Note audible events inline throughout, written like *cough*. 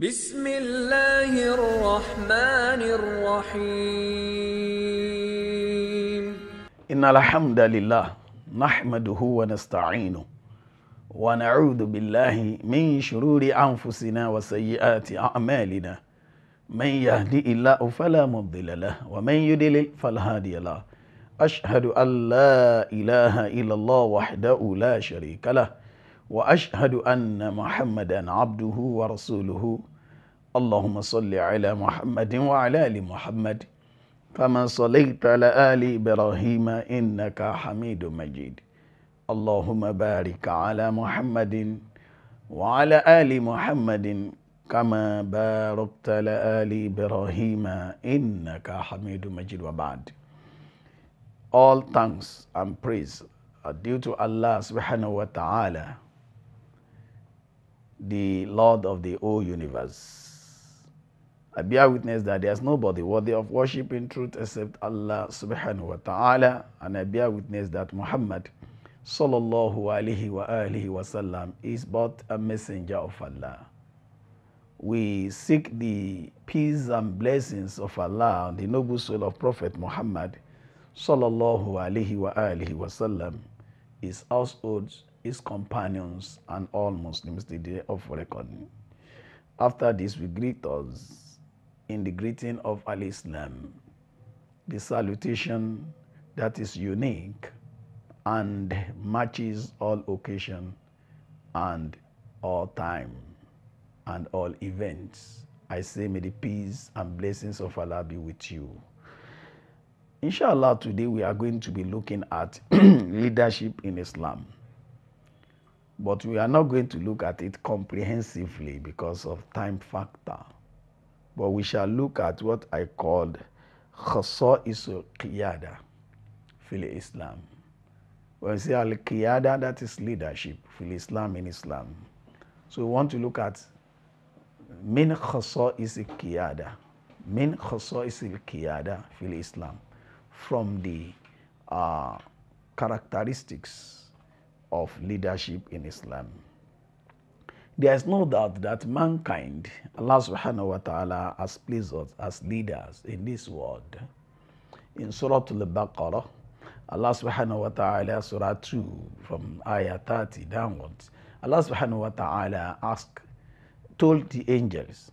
بسم الله الرحمن الرحيم إن الحمد لله نحمده ونستعينه ونعوذ بالله من شرور أنفسنا وسيئات أعمالنا من يهدي الله فلا مضل له ومن يدلل فلا هادي له أشهد أن لا إله إلا الله وحده لا شريك له واشهد ان محمدا عبده ورسوله اللهم صل على محمد وعلى ال محمد كما صليت على ال ابراهيم انك حميد مجيد اللهم بارك على محمد وعلى ال محمد كما باركت على ال ابراهيم انك حميد مجيد وبعد All thanks and praise are due to Allah subhanahu wa ta'ala the Lord of the whole universe. I bear witness that there is nobody worthy of worship in truth except Allah subhanahu wa ta'ala, and I bear witness that Muhammad sallallahu alaihi wa alihi wasallam is but a messenger of Allah. We seek the peace and blessings of Allah on the noble soul of Prophet Muhammad sallallahu alaihi wa alihi sallam, his household, his companions, and all Muslims the day of reckoning. After this, we greet us in the greeting of Al Islam, the salutation that is unique and matches all occasion and all time and all events. I say, may the peace and blessings of Allah be with you. Inshallah, today we are going to be looking at *clears throat* leadership in Islam. But we are not going to look at it comprehensively because of time factor. But we shall look at what I called isu qiyada fil Islam. When we say al qiyada, that is leadership fil Islam in Islam. So we want to look at min khasa'isul qiyada, min isu qiyada fil Islam, from the uh, characteristics of leadership in Islam. There is no doubt that mankind, Allah subhanahu wa ta'ala, has placed us as leaders in this world. In Surah Al-Baqarah, Allah subhanahu wa ta'ala, Surah 2, from Ayah 30 downwards, Allah subhanahu wa ta'ala asked, told the angels,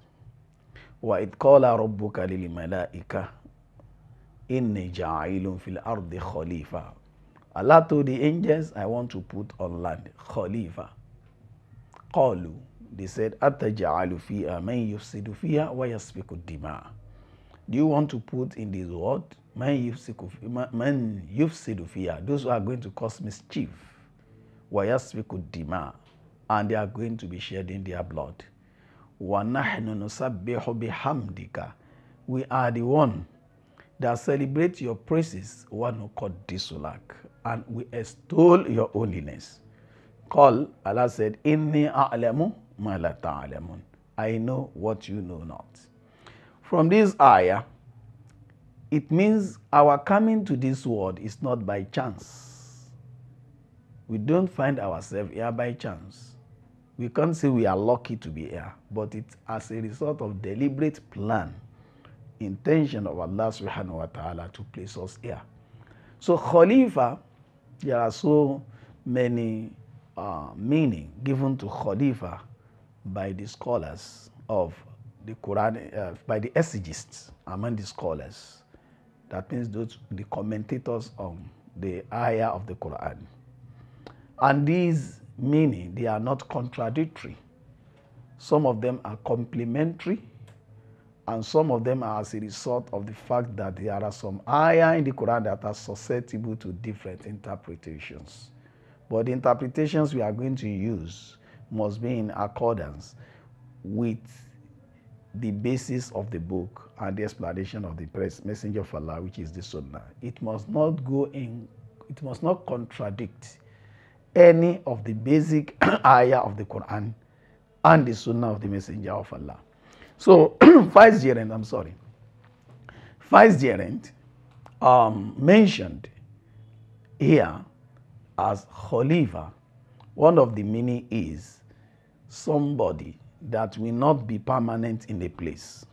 وَإِذْ قَالَ رَبُّكَ لِلْمَلَائِكَةِ إِنِّي جَعَيْلٌ فِي الْأَرْضِ خَلِيفَةً Allah told the angels, I want to put on land Khalifa. Qalu. They said, Ataja'alu fiha man yufsidu fiha wa yasfiku dima. Do you want to put in this world man yufsidu fiha, those who are going to cause mischief, wa yasfiku dima, and they are going to be shedding their blood. Wa nahnu nusabbihu bihamdika. We are the one that celebrate your praises, one who called Disulak, and we extol your holiness. Call, Allah said, Inni a'lamu ma la ta'lamun. I know what you know not. From this ayah, it means our coming to this world is not by chance. We don't find ourselves here by chance. We can't say we are lucky to be here, but it's as a result of deliberate plan, intention of Allah subhanahu wa ta'ala to place us here. So Khalifa There are so many uh, meaning given to Khalifa by the scholars of the Quran, uh, by the exegists among the scholars. That means those the commentators on the ayah of the Quran. And these meaning, they are not contradictory. Some of them are complementary and some of them are as a result of the fact that there are some ayah in the Quran that are susceptible to different interpretations. But the interpretations we are going to use must be in accordance with the basis of the book and the explanation of the messenger of Allah, which is the Sunnah. It must not go in, it must not contradict any of the basic *coughs* ayah of the Quran and the Sunnah of the messenger of Allah. So *clears throat* gerent, I'm sorry, gerent um, mentioned here as Khalifa, one of the meaning is somebody that will not be permanent in the place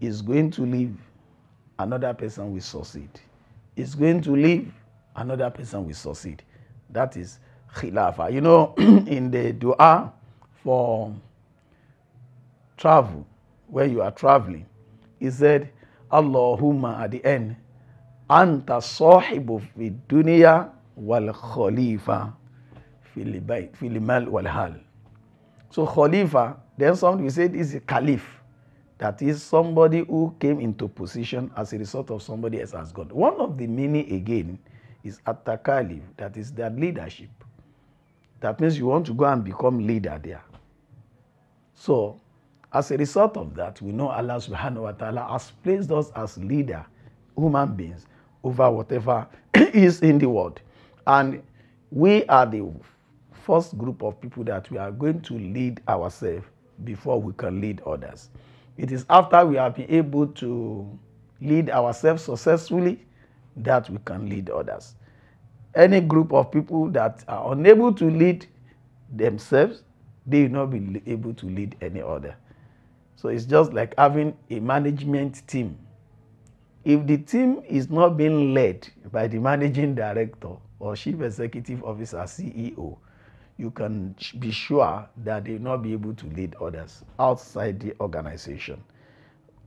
is going to leave, another person will succeed. Is going to leave, another person will succeed. That is khilafa. You know, *clears throat* in the dua for travel, where you are traveling, he said, Allahumma at the end, Anta sahibu fi dunya wal khalifa fil mal wal hal. So khalifa, then somebody we said is a caliph. That is somebody who came into position as a result of somebody else as God. One of the meaning again is attakalif, that is their leadership. That means you want to go and become leader there. So as a result of that, we know Allah subhanahu wa ta'ala has placed us as leader, human beings, over whatever *clears throat* is in the world. And we are the first group of people that we are going to lead ourselves before we can lead others. It is after we have been able to lead ourselves successfully that we can lead others. Any group of people that are unable to lead themselves, they will not be able to lead any other. So it's just like having a management team. If the team is not being led by the managing director or chief executive officer, CEO, you can be sure that they will not be able to lead others outside the organization.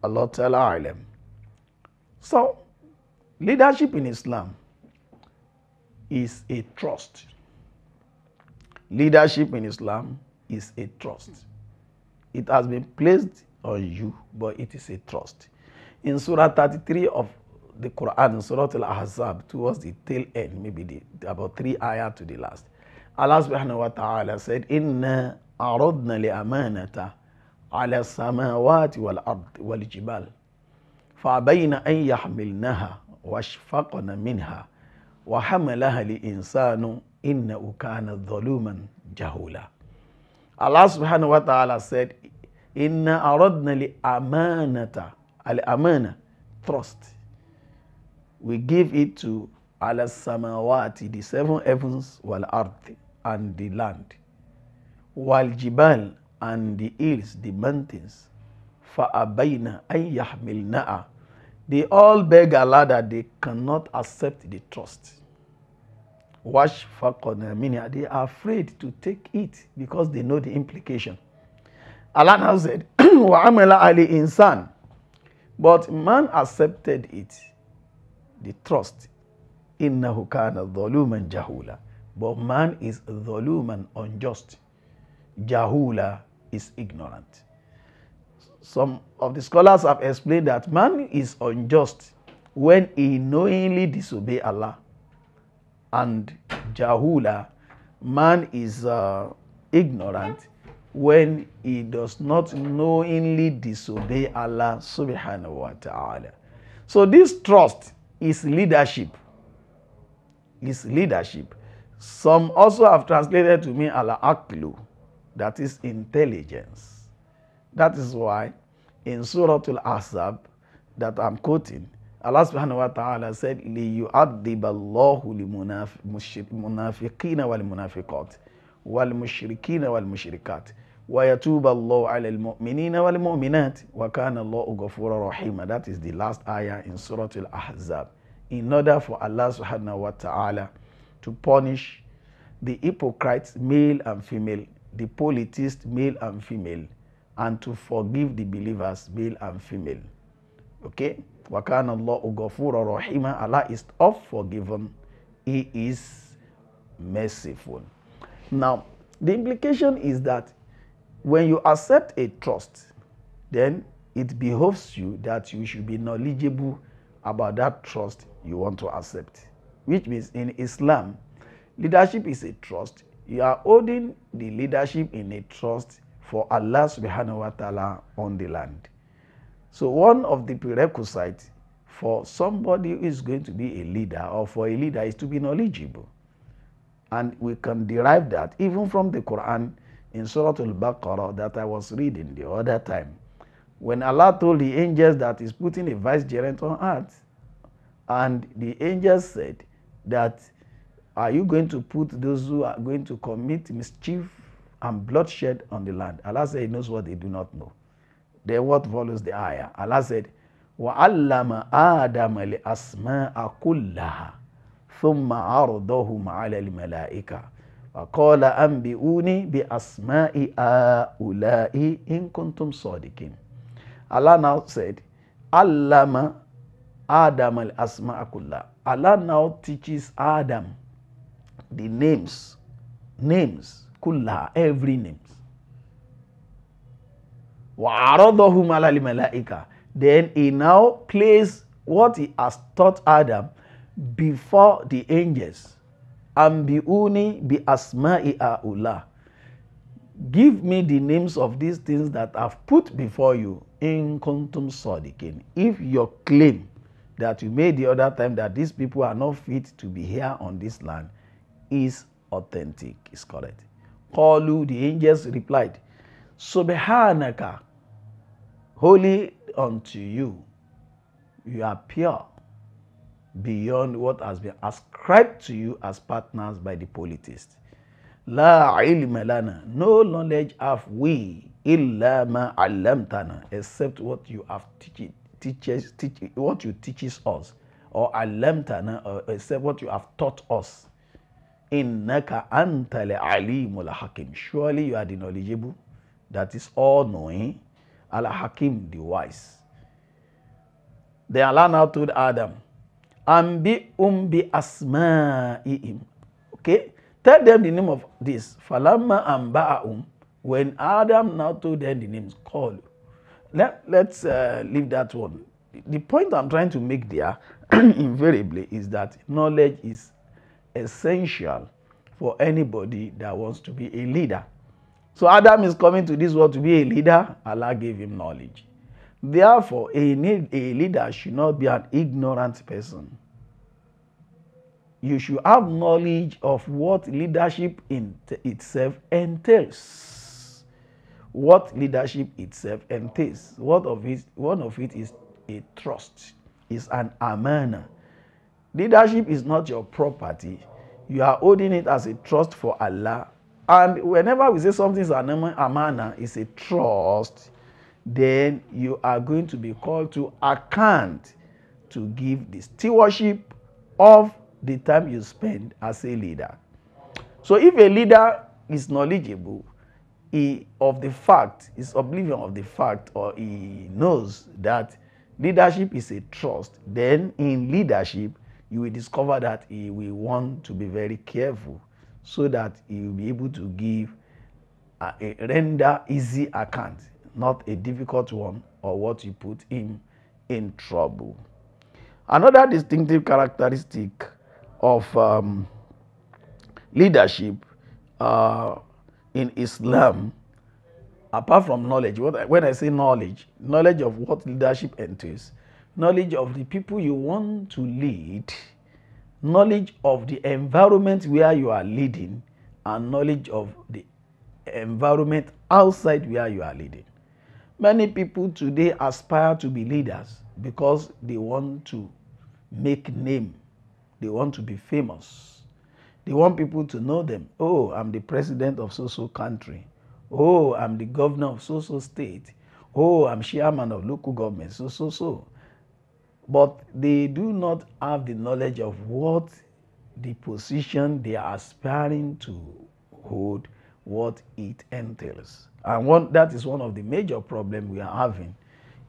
Allah Ta'ala Alam. So, leadership in Islam is a trust. Leadership in Islam is a trust. It has been placed on you, but it is a trust. In Surah 33 of the Quran, in Surah Al-Ahzab, towards the tail end, maybe the, about three ayah to the last, Allah subhanahu wa ta'ala said, Inna aradna li'amanata ala samawati wal ard wal jibal. فأبين أن يحملنها واشفقن منها وحملها الإنسان إنه كان ظلوما جهولا Allah subhanahu wa ta'ala said, Inna aradna li amanata, al amana, trust. We give it to al samawati, the seven heavens, wal earth, and the land, wal jibal, and the hills, the mountains, fa'abayna ay yahmilna'a. They all beg Allah that they cannot accept the trust. Wash meaning They are afraid to take it because they know the implication. Allah now said, *clears throat* Wa'amela Ali insan. But man accepted it, the trust. Inna hukana dhuluman jahula. But man is dhuluman unjust. Jahula is ignorant. Some of the scholars have explained that man is unjust when he knowingly disobey Allah and jahula, man is uh, ignorant when he does not knowingly disobey Allah subhanahu wa ta'ala. So this trust is leadership. Is leadership. Some also have translated to me Allah aklu is intelligence. That is why in Surah al Asr that I'm quoting, Allah subhanahu wa ta'ala said, لِيُعَذِّبَ اللَّهُ لِمُنَافِقِينَ وَالْمُنَافِقَاتِ وَالْمُشْرِكِينَ وَالْمُشْرِكَاتِ وَيَتُوبَ اللَّهُ عَلَى الْمُؤْمِنِينَ وَالْمُؤْمِنَاتِ وَكَانَ اللَّهُ غَفُورًا رَحِيمًا That is the last ayah in Surah Al-Ahzab. In order for Allah subhanahu wa ta'ala to punish the hypocrites, male and female, the polytheists, male and female, and to forgive the believers, male and female. Okay? Wakana Allah Ugafura Rahima, Allah is oft forgiven, He is merciful. Now, the implication is that when you accept a trust, then it behoves you that you should be knowledgeable about that trust you want to accept. Which means in Islam, leadership is a trust. You are holding the leadership in a trust for Allah subhanahu wa ta'ala on the land. So one of the prerequisites for somebody who is going to be a leader or for a leader is to be knowledgeable. And we can derive that even from the Quran in Surah Al-Baqarah that I was reading the other time. When Allah told the angels that he's putting a vicegerent on earth, and the angels said that, are you going to put those who are going to commit mischief and bloodshed on the land? Allah said he knows what they do not know. Then what follows the ayah? Allah said, وَعَلَّمَ آدَمَ الْأَسْمَاءَ كُلَّهَا ثُمَّ عَرْضَهُمْ عَلَى الْمَلَائِكَةِ فَقَالَ أَنْبِئُونِي بِأَسْمَاءِ هَؤُلَاءِ إِنْ كُنْتُمْ صَادِقِينَ Allah now said, عَلَّمَ آدَمَ الْأَسْمَاءَ كُلَّهَا Allah now teaches Adam the names, names, كُلَّهَا, every names وعرضهما على الملائكة then he now placed what he has taught Adam before the angels ambiuni bi asma'i aula give me the names of these things that I've put before you in kuntum sadiqin if your claim that you made the other time that these people are not fit to be here on this land is authentic is correct qalu the angels replied Subhanaka, holy unto you. You are pure beyond what has been ascribed to you as partners by the politist. La ilma lana, no knowledge have we illa ma alamtana, except what you have teach, teaches, teach, what you teaches us, or alamtana, or except what you have taught us. Innaka anta al alimul hakim. Surely you are the knowledgeable. that is all-knowing, Al-Hakim, the wise. Then Allah now told Adam, Ambi umbi asma'ihim. Okay? Tell them the name of this. Falamma um. When Adam now told them the names, call. Let, let's uh, leave that one. The point I'm trying to make there, *clears throat* invariably, is that knowledge is essential for anybody that wants to be a leader. So Adam is coming to this world to be a leader. Allah gave him knowledge. Therefore, a, a leader should not be an ignorant person. You should have knowledge of what leadership in itself entails. What leadership itself entails. What of it, one of it is a trust, is an amana. Leadership is not your property. You are holding it as a trust for Allah and whenever we say something is an amana, it's a trust, then you are going to be called to account to give the stewardship of the time you spend as a leader. So if a leader is knowledgeable he, of the fact, is oblivion of the fact, or he knows that leadership is a trust, then in leadership, you will discover that he will want to be very careful so that he will be able to give a, uh, a render easy account, not a difficult one or what you put him in trouble. Another distinctive characteristic of um, leadership uh, in Islam, apart from knowledge, I, when I say knowledge, knowledge of what leadership entails, knowledge of the people you want to lead, knowledge of the environment where you are leading and knowledge of the environment outside where you are leading. Many people today aspire to be leaders because they want to make name. They want to be famous. They want people to know them. Oh, I'm the president of so-so country. Oh, I'm the governor of so-so state. Oh, I'm chairman of local government, so, so, so but they do not have the knowledge of what the position they are aspiring to hold, what it entails. And one, that is one of the major problems we are having,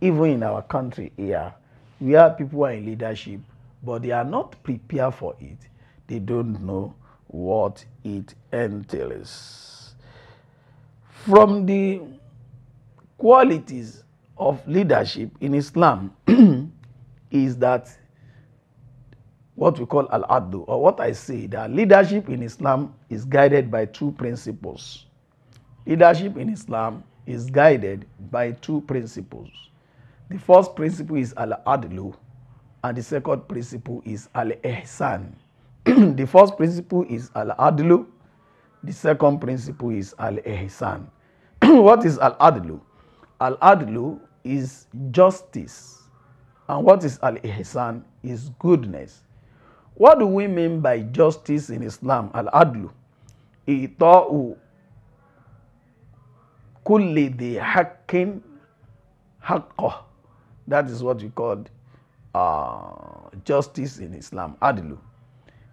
even in our country here, We have people are in leadership, but they are not prepared for it. They don't know what it entails. From the qualities of leadership in Islam, *clears throat* is that what we call al adlu, or what I say that leadership in Islam is guided by two principles. Leadership in Islam is guided by two principles. The first principle is al-adlu and the second principle is al-ihsan. *clears throat* The first principle is al-adlu, the second principle is al-ihsan. *clears throat* What is al-adlu? Al-adlu is justice And what is al-ihsan is goodness. What do we mean by justice in Islam? Al-adlu. Ita'u kulli di haqqin haqqah. That is what we call uh, justice in Islam, adlu.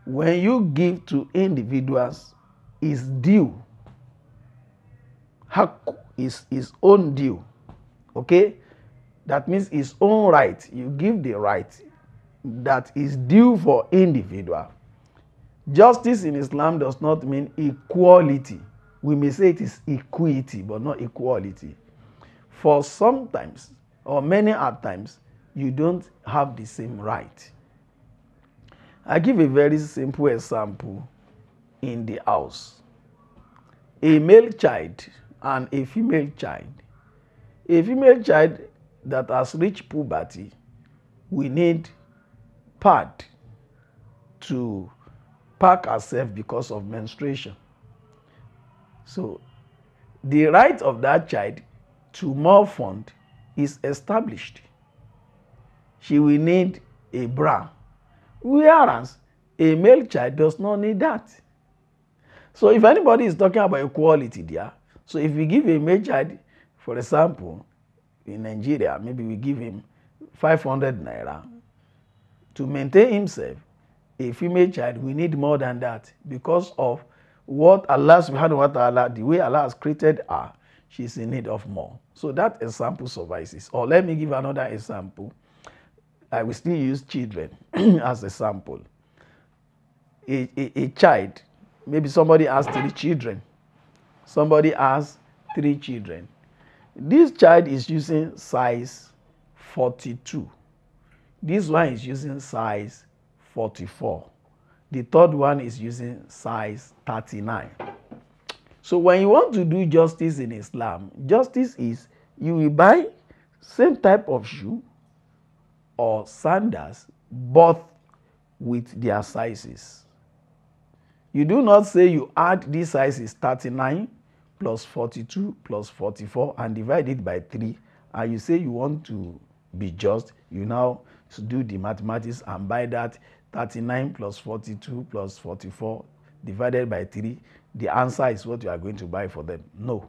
When you give to individuals is due, haqq is his own due. Okay? That means his own right. You give the right that is due for individual. Justice in Islam does not mean equality. We may say it is equity, but not equality. For sometimes, or many at times, you don't have the same right. I give a very simple example in the house. A male child and a female child. A female child that has reached puberty, we need pad to pack herself because of menstruation. So the right of that child to fund is established. She will need a bra. Whereas a male child does not need that. So if anybody is talking about equality there, so if we give a male child, for example, in Nigeria, maybe we give him 500 naira. To maintain himself, a female child, we need more than that because of what Allah subhanahu wa ta'ala, the way Allah has created her, she's in need of more. So that example suffices. Or let me give another example. I will still use children *clears throat* as a sample. A, a, a child, maybe somebody has three children. Somebody has three children. This child is using size 42. This one is using size 44. The third one is using size 39. So when you want to do justice in Islam, justice is you will buy same type of shoe or sandals, both with their sizes. You do not say you add this size is 39 plus 42 plus 44 and divide it by 3 and you say you want to be just you now do the mathematics and by that 39 plus 42 plus 44 divided by 3 the answer is what you are going to buy for them no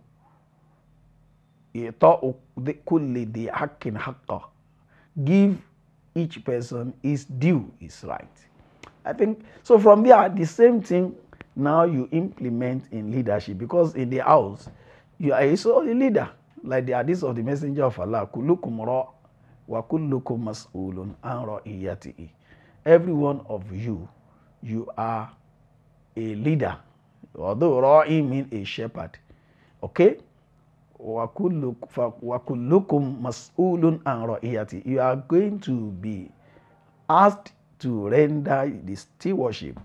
give each person his due is right i think so from there the same thing now you implement in leadership because in the house you are also a leader like the hadith of the messenger of Allah kulukum ra wa kulukum mas'ulun an ra'iyatihi every one of you you are a leader although ra'i mean a shepherd okay wa kulukum mas'ulun an ra'iyatihi you are going to be asked to render the stewardship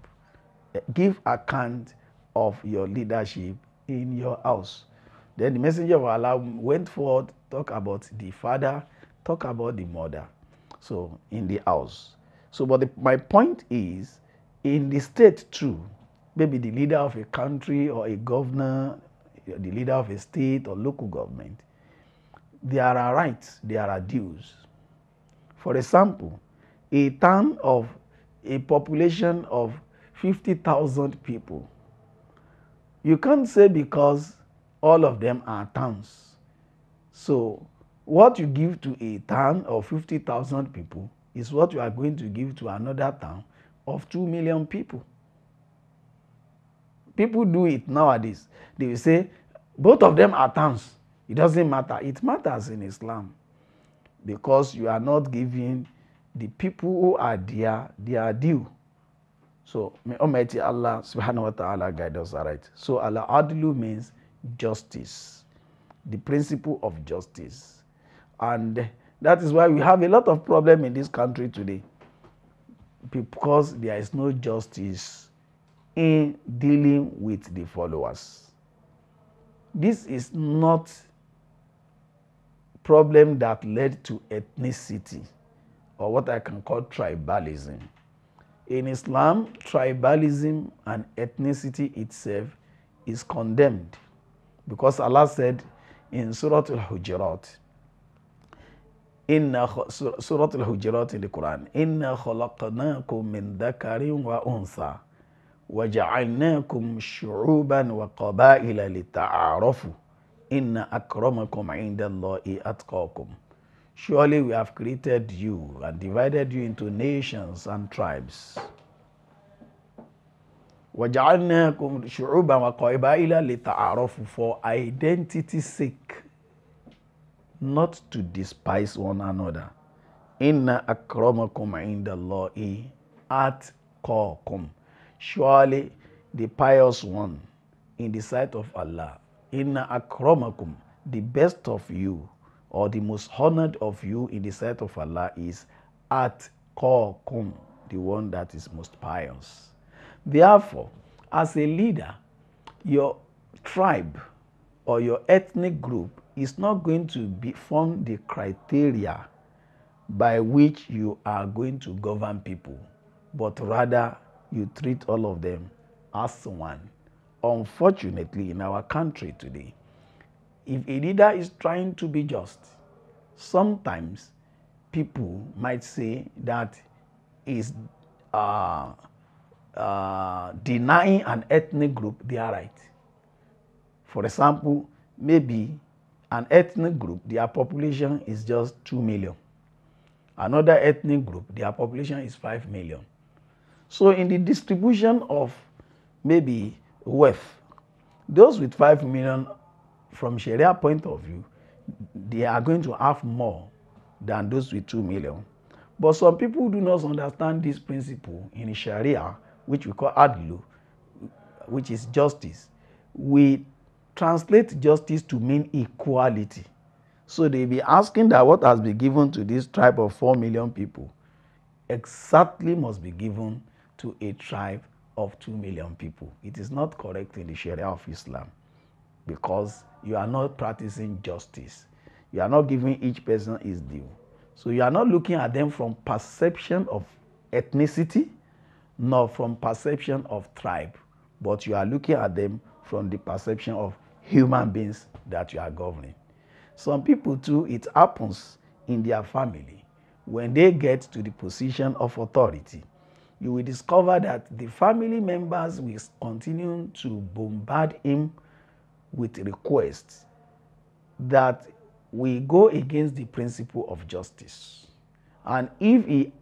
give account of your leadership in your house. Then the messenger of Allah went forth, talk about the father, talk about the mother. So in the house. So, but the, my point is, in the state too, maybe the leader of a country or a governor, the leader of a state or local government, there are rights, there are dues. For example, a town of a population of 50,000 people. You can't say because all of them are towns. So, what you give to a town of 50,000 people is what you are going to give to another town of 2 million people. People do it nowadays. They will say, both of them are towns. It doesn't matter. It matters in Islam because you are not giving the people who are there their due. So may Almighty Allah subhanahu wa ta'ala guide us aright. So Allah adlu means justice, the principle of justice. And that is why we have a lot of problem in this country today. Because there is no justice in dealing with the followers. This is not problem that led to ethnicity or what I can call tribalism In Islam, tribalism and ethnicity itself is condemned because Allah said in Surah Al-Hujurat, Inna Surah Al-Hujurat in the Quran, Inna khalaqnakum min dhakarin wa unsa waja'alnakum shu'uban wa qabaila lita'arafu inna akramakum 'inda Allahi atqakum. Surely we have created you and divided you into nations and tribes. For identity's sake, not to despise one another. Inna akramakum at kum. Surely the pious one in the sight of Allah. Inna akramakum, the best of you or the most honored of you in the sight of Allah is at Kokum, the one that is most pious. Therefore, as a leader, your tribe or your ethnic group is not going to be, form the criteria by which you are going to govern people, but rather you treat all of them as one. Unfortunately, in our country today, if a leader is trying to be just, sometimes people might say that is uh, uh, denying an ethnic group their right. For example, maybe an ethnic group, their population is just 2 million. Another ethnic group, their population is 5 million. So in the distribution of maybe wealth, those with 5 million from Sharia point of view, they are going to have more than those with 2 million. But some people do not understand this principle in Sharia, which we call adlu, which is justice. We translate justice to mean equality. So they be asking that what has been given to this tribe of 4 million people exactly must be given to a tribe of 2 million people. It is not correct in the Sharia of Islam because you are not practicing justice. You are not giving each person his due. So you are not looking at them from perception of ethnicity, nor from perception of tribe, but you are looking at them from the perception of human beings that you are governing. Some people too, it happens in their family. When they get to the position of authority, you will discover that the family members will continue to bombard him with requests that we go against the principle of justice. And if he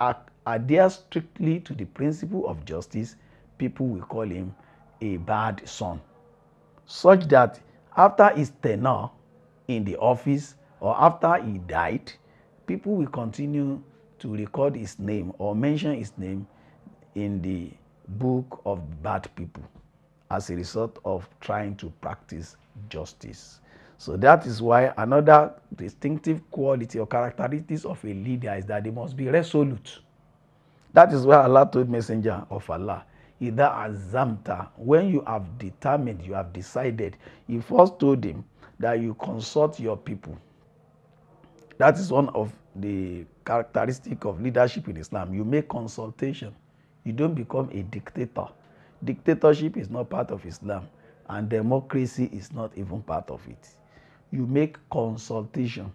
adheres strictly to the principle of justice, people will call him a bad son. Such that after his tenure in the office or after he died, people will continue to record his name or mention his name in the book of bad people as a result of trying to practice justice. So that is why another distinctive quality or characteristics of a leader is that they must be resolute. That is why Allah told messenger of Allah, Ida azamta, when you have determined, you have decided, he first told him that you consult your people. That is one of the characteristic of leadership in Islam. You make consultation. You don't become a dictator. Dictatorship is not part of Islam. and democracy is not even part of it. You make consultation.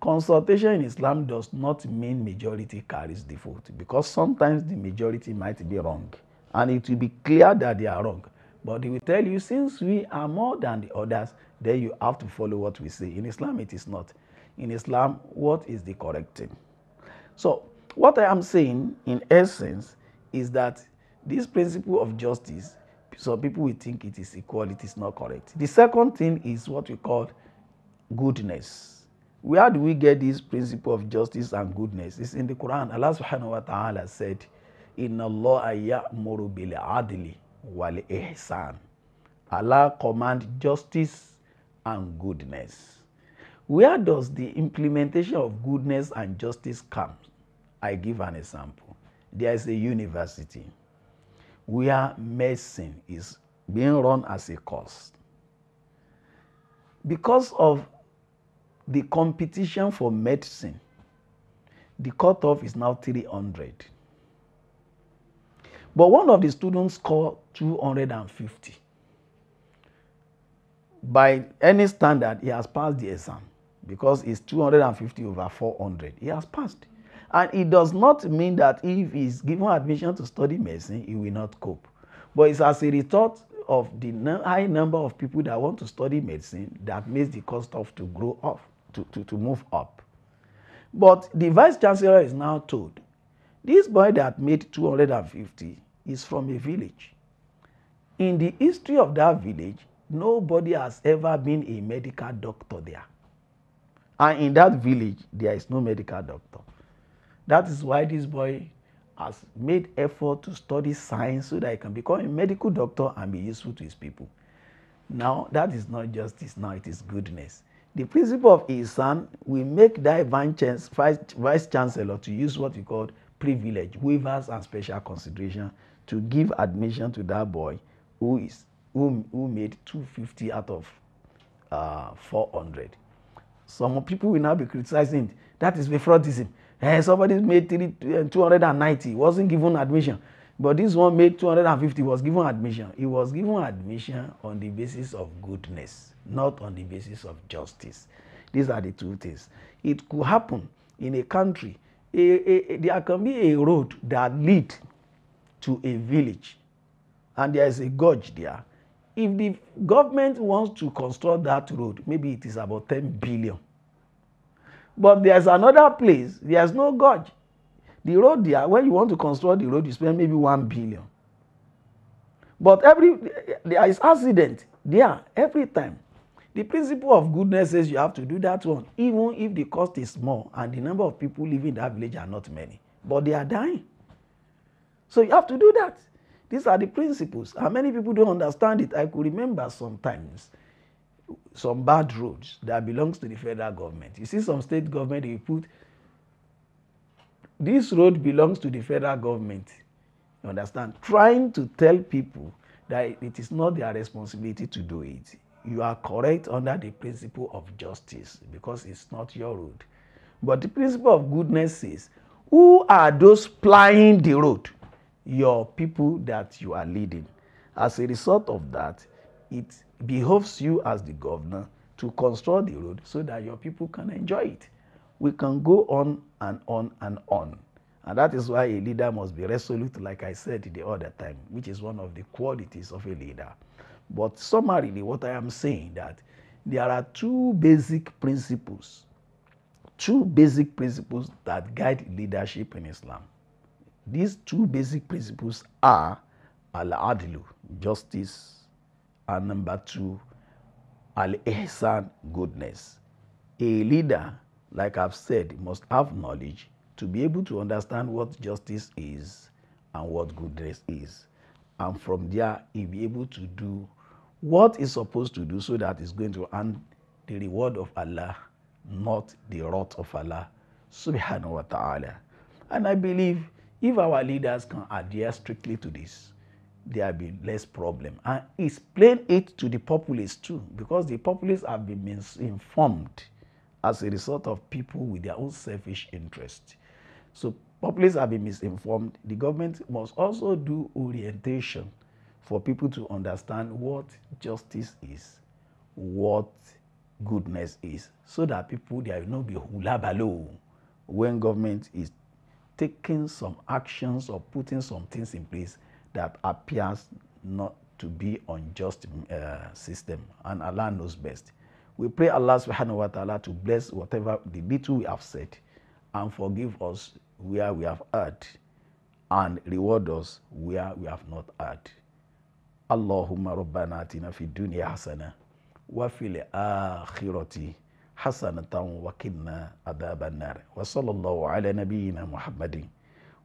Consultation in Islam does not mean majority carries the vote because sometimes the majority might be wrong and it will be clear that they are wrong. But they will tell you, since we are more than the others, then you have to follow what we say. In Islam, it is not. In Islam, what is the correct thing? So, what I am saying in essence is that this principle of justice some people will think it is equality, is not correct. The second thing is what we call goodness. Where do we get this principle of justice and goodness? It's in the Quran. Allah subhanahu wa ta'ala said, Inna Allah ya'muru bil adli wal ihsan. Allah command justice and goodness. Where does the implementation of goodness and justice come? I give an example. There is a university where medicine is being run as a cost Because of the competition for medicine, the cutoff is now 300. But one of the students scored 250. By any standard, he has passed the exam because it's 250 over 400. He has passed. And it does not mean that if he's given admission to study medicine, he will not cope. But it's as a result of the high number of people that want to study medicine that makes the cost of to grow up, to, to, to move up. But the vice chancellor is now told, this boy that made 250 is from a village. In the history of that village, nobody has ever been a medical doctor there. And in that village, there is no medical doctor. That is why this boy has made effort to study science so that he can become a medical doctor and be useful to his people. Now, that is not justice, now it is goodness. The principle of his son will make thy vice chancellor to use what we call privilege, waivers, and special consideration to give admission to that boy who is who, who made 250 out of uh, 400. Some people will now be criticizing that is this. Hey, eh, somebody made three, 290, eh, wasn't given admission. But this one made 250, was given admission. He was given admission on the basis of goodness, not on the basis of justice. These are the two things. It could happen in a country. A, a, a, there can be a road that lead to a village, and there is a gorge there. If the government wants to construct that road, maybe it is about 10 billion But there's another place, there's no God. The road there, when you want to construct the road, you spend maybe one billion. But every there is accident there every time. The principle of goodness says you have to do that one, even if the cost is small and the number of people living in that village are not many, but they are dying. So you have to do that. These are the principles, and many people don't understand it. I could remember sometimes some bad roads that belongs to the federal government. You see some state government, they put, this road belongs to the federal government. You understand? Trying to tell people that it is not their responsibility to do it. You are correct under the principle of justice because it's not your road. But the principle of goodness is, who are those plying the road? Your people that you are leading. As a result of that, it behoves you as the governor to construct the road so that your people can enjoy it. We can go on and on and on. And that is why a leader must be resolute, like I said the other time, which is one of the qualities of a leader. But summarily, what I am saying that there are two basic principles, two basic principles that guide leadership in Islam. These two basic principles are al-adlu, justice And number two, Al Ihsan, goodness. A leader, like I've said, must have knowledge to be able to understand what justice is and what goodness is. And from there, he'll be able to do what he's supposed to do so that he's going to earn the reward of Allah, not the wrath of Allah, subhanahu wa ta'ala. And I believe if our leaders can adhere strictly to this, there have been less problem. And explain it to the populace too, because the populace have been misinformed as a result of people with their own selfish interest. So populace have been misinformed. The government must also do orientation for people to understand what justice is, what goodness is, so that people there will not be hula baloo when government is taking some actions or putting some things in place that appears not to be unjust uh, system. And Allah knows best. We pray Allah subhanahu wa ta'ala to bless whatever the little we have said and forgive us where we have erred and reward us where we have not erred. Allahumma rabbana atina fi dunya hasana wa fil akhirati حسنة wa عذاب النار Wa الله ala نبينا Muhammadin.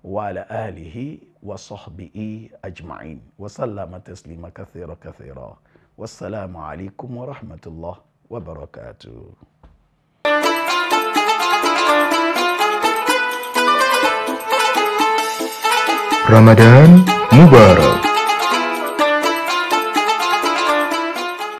وعلى آله وصحبه أجمعين وسلم تسليما كثيرا كثيرا والسلام عليكم ورحمة الله وبركاته Ramadan Mubarak